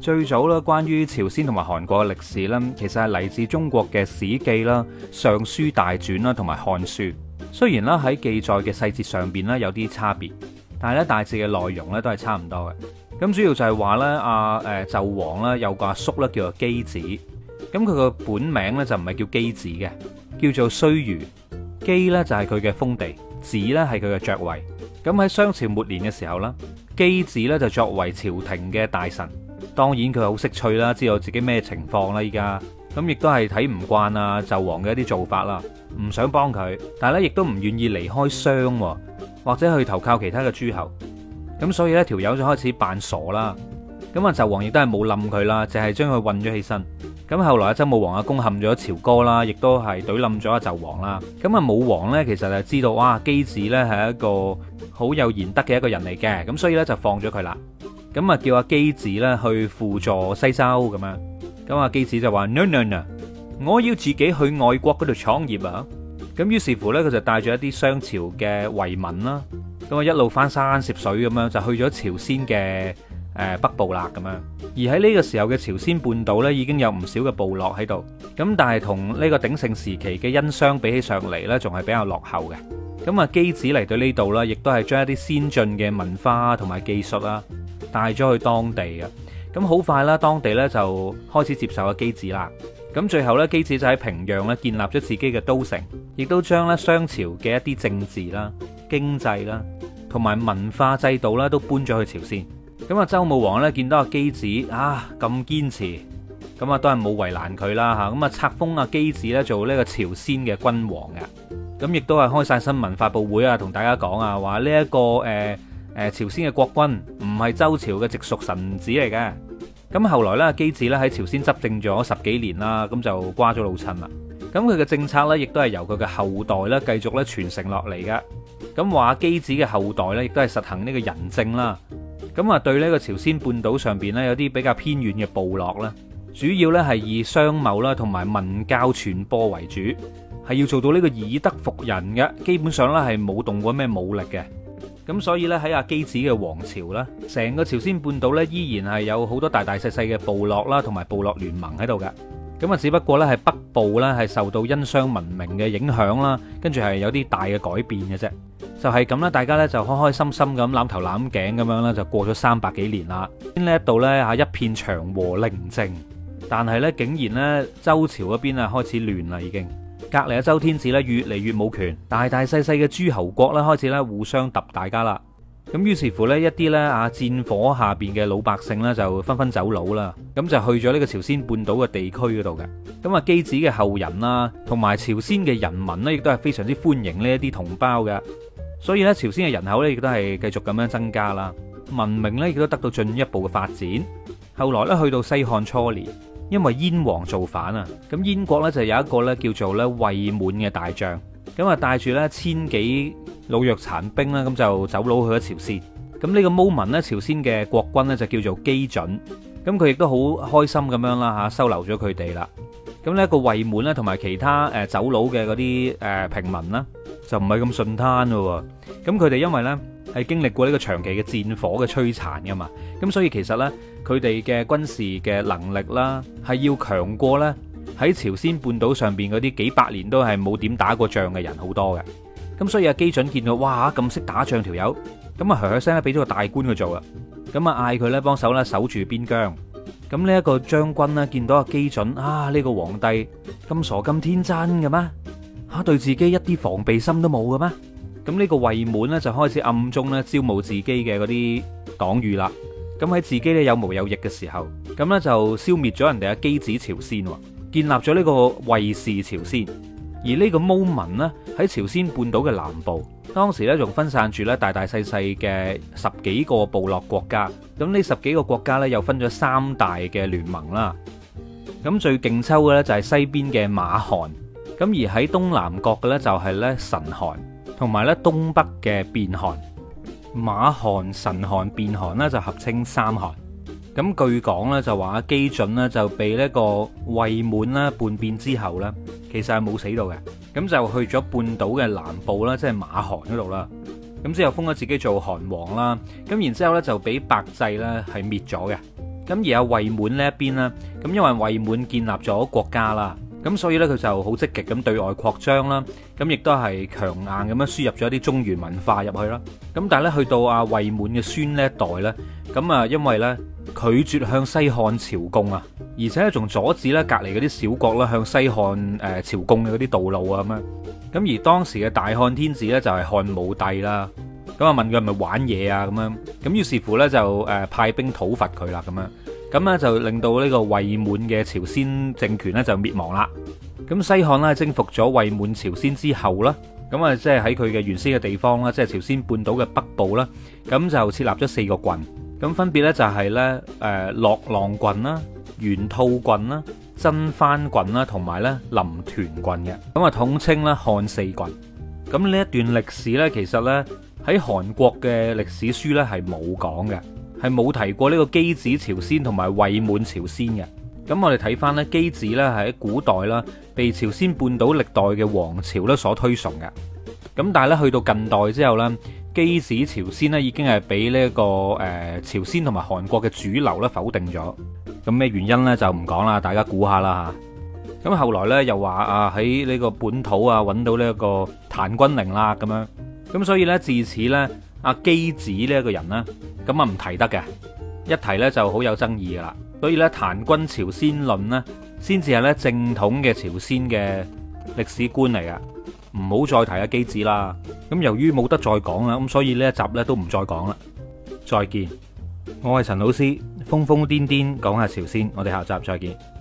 最早咧，關於朝鮮同埋韓國嘅歷史咧，其實係嚟自中國嘅《史記》啦，《尚書大傳》啦，同埋《漢書》。雖然咧喺記載嘅細節上邊咧有啲差別，但係咧大致嘅內容咧都係差唔多嘅。咁主要就係話呢，阿誒紂王咧有個阿叔咧叫做箕子，咁佢個本名咧就唔係叫箕子嘅，叫做胥餘，箕呢就係佢嘅封地，子呢係佢嘅爵位。咁喺商朝末年嘅時候呢，箕子呢就作為朝廷嘅大臣。當然佢好識趣啦，知道自己咩情況啦，依家咁亦都係睇唔慣啊，紂王嘅一啲做法啦，唔想幫佢，但係咧亦都唔願意離開商，或者去投靠其他嘅諸侯。咁所以呢條友就開始扮傻啦。咁啊，紂王亦都係冇冧佢啦，淨係將佢韞咗起身。咁後來啊，周武王啊攻陷咗朝歌啦，亦都係懟冧咗啊紂王啦。咁啊，武王呢，王王其實就知道，哇，箕子呢係一個好有賢德嘅一個人嚟嘅，咁所以呢，就放咗佢啦。咁啊，叫阿機子咧去輔助西周咁樣。咁阿箕子就話，No，no，no，我要自己去外國嗰度創業啊。咁於是乎呢佢就帶住一啲商朝嘅遺民啦，咁啊一路翻山涉水咁樣就去咗朝鮮嘅誒北部啦。咁樣而喺呢個時候嘅朝鮮半島呢，已經有唔少嘅部落喺度。咁但係同呢個鼎盛時期嘅殷商比起上嚟呢，仲係比較落後嘅。咁啊，箕子嚟到呢度啦，亦都係將一啲先進嘅文化同埋技術啦。帶咗去當地啊，咁好快啦，當地咧就開始接受阿姬子啦。咁最後咧，姬子就喺平壤咧建立咗自己嘅都城，亦都將咧商朝嘅一啲政治啦、經濟啦同埋文化制度啦，都搬咗去朝鮮。咁啊，周武王咧見到阿姬子啊咁堅持，咁啊都係冇為難佢啦吓，咁啊冊封阿姬子咧做呢個朝鮮嘅君王嘅。咁亦都係開晒新聞發佈會啊，同大家講啊話呢一個誒。呃誒朝鮮嘅國君唔係周朝嘅直屬臣子嚟嘅，咁後來咧箕子咧喺朝鮮執政咗十幾年啦，咁就瓜咗老襯啦。咁佢嘅政策呢，亦都係由佢嘅後代呢繼續咧傳承落嚟嘅。咁話箕子嘅後代呢，亦都係實行呢個仁政啦。咁話對呢個朝鮮半島上面呢，有啲比較偏遠嘅部落啦，主要呢係以商貿啦同埋文教傳播為主，係要做到呢個以德服人嘅，基本上呢係冇動過咩武力嘅。咁所以呢，喺阿箕子嘅王朝呢，成個朝鮮半島呢，依然係有好多大大細細嘅部落啦，同埋部落聯盟喺度嘅。咁啊，只不過呢，係北部呢，係受到殷商文明嘅影響啦，跟住係有啲大嘅改變嘅啫。就係咁啦，大家呢，就開開心心咁攬頭攬頸咁樣啦，就過咗三百幾年啦。呢一度呢，係一片祥和寧靜，但係呢，竟然呢，周朝嗰邊啊開始亂啦已經。隔籬嘅周天子咧越嚟越冇權，大大細細嘅諸侯國咧開始咧互相揼大家啦。咁於是乎咧，一啲咧啊戰火下邊嘅老百姓咧就紛紛走佬啦，咁就去咗呢個朝鮮半島嘅地區嗰度嘅。咁啊箕子嘅後人啦，同埋朝鮮嘅人民呢，亦都係非常之歡迎呢一啲同胞嘅。所以呢，朝鮮嘅人口呢，亦都係繼續咁樣增加啦，文明呢，亦都得到進一步嘅發展。後來呢，去到西漢初年。因為燕王造反啊，咁燕國咧就有一個咧叫做咧衛滿嘅大將，咁啊帶住咧千幾老弱殘兵啦，咁就走佬去咗朝鮮。咁呢個毛民咧，朝鮮嘅國君咧就叫做箕準，咁佢亦都好開心咁樣啦吓，收留咗佢哋啦。咁呢一個衛滿咧，同埋其他誒走佬嘅嗰啲誒平民啦，就唔係咁順攤咯。咁佢哋因為咧。係經歷過呢個長期嘅戰火嘅摧殘噶嘛，咁所以其實呢，佢哋嘅軍事嘅能力啦，係要強過呢喺朝鮮半島上邊嗰啲幾百年都係冇點打過仗嘅人好多嘅。咁所以阿基準見到，哇，咁識打仗條友，咁啊，響響聲咧，俾咗個大官佢做啦，咁啊，嗌佢呢幫手咧守住邊疆。咁呢一個將軍咧見到阿基準啊，呢個皇帝咁傻咁天真嘅咩？吓，啊，對自己一啲防備心都冇嘅咩？咁呢個衛滿呢，就開始暗中咧招募自己嘅嗰啲黨羽啦。咁喺自己咧有毛有翼嘅時候，咁呢就消滅咗人哋嘅箕子朝鮮，建立咗呢個衛氏朝鮮。而呢個溝民呢，喺朝鮮半島嘅南部，當時呢仲分散住呢大大細細嘅十幾個部落國家。咁呢十幾個國家呢，又分咗三大嘅聯盟啦。咁最勁抽嘅呢，就係西邊嘅馬韓。咁而喺東南角嘅呢，就係呢辰韓。同埋咧，東北嘅辯韓。馬韓、辰韓辯韓，咧就合稱三韓。咁據講咧就話箕準呢，就被呢個衛滿叛變之後呢，其實係冇死到嘅。咁就去咗半島嘅南部啦，即係馬韓嗰度啦。咁之後封咗自己做韓王啦。咁然之後呢，就俾百濟咧係滅咗嘅。咁而阿衛滿呢一邊咧，咁因為衛滿建立咗國家啦。咁所以咧佢就好積極咁對外擴張啦，咁亦都係強硬咁樣輸入咗一啲中原文化入去啦。咁但係咧去到阿衛滿嘅孫呢一代咧，咁啊因為咧拒絕向西漢朝貢啊，而且咧仲阻止咧隔離嗰啲小國啦向西漢誒朝貢嘅嗰啲道路啊咁樣。咁而當時嘅大漢天子咧就係漢武帝啦，咁啊問佢係咪玩嘢啊咁樣，咁於是乎咧就誒派兵討伐佢啦咁樣。咁就令到呢個衛滿嘅朝鮮政權就滅呢就滅亡啦。咁西漢呢征服咗衛滿朝鮮之後啦，咁啊即係喺佢嘅原先嘅地方啦，即係朝鮮半島嘅北部啦，咁就設立咗四個郡，咁分別呢就係呢誒樂浪郡啦、玄菟郡啦、真番郡啦，同埋呢臨屯郡嘅。咁啊統稱呢漢四郡。咁呢一段歷史呢，其實呢喺韓國嘅歷史書呢係冇講嘅。係冇提過呢個箕子朝鮮同埋衛滿朝鮮嘅，咁我哋睇翻呢箕子呢係喺古代啦，被朝鮮半島歷代嘅王朝呢所推崇嘅，咁但係呢，去到近代之後呢，箕子朝鮮呢已經係俾呢一個、呃、朝鮮同埋韓國嘅主流呢否定咗，咁咩原因呢？就唔講啦，大家估下啦嚇。咁後來呢，又話啊喺呢個本土啊揾到呢一個檀君陵啦咁樣，咁所以呢，自此呢。阿箕子呢一個人呢咁啊唔提得嘅，一提呢就好有爭議噶啦，所以呢，檀君朝鮮論呢，先至係呢正統嘅朝鮮嘅歷史觀嚟噶，唔好再提阿箕子啦。咁由於冇得再講啦，咁所以呢一集呢都唔再講啦。再見，我係陳老師，瘋瘋癲癲講下朝鮮，我哋下集再見。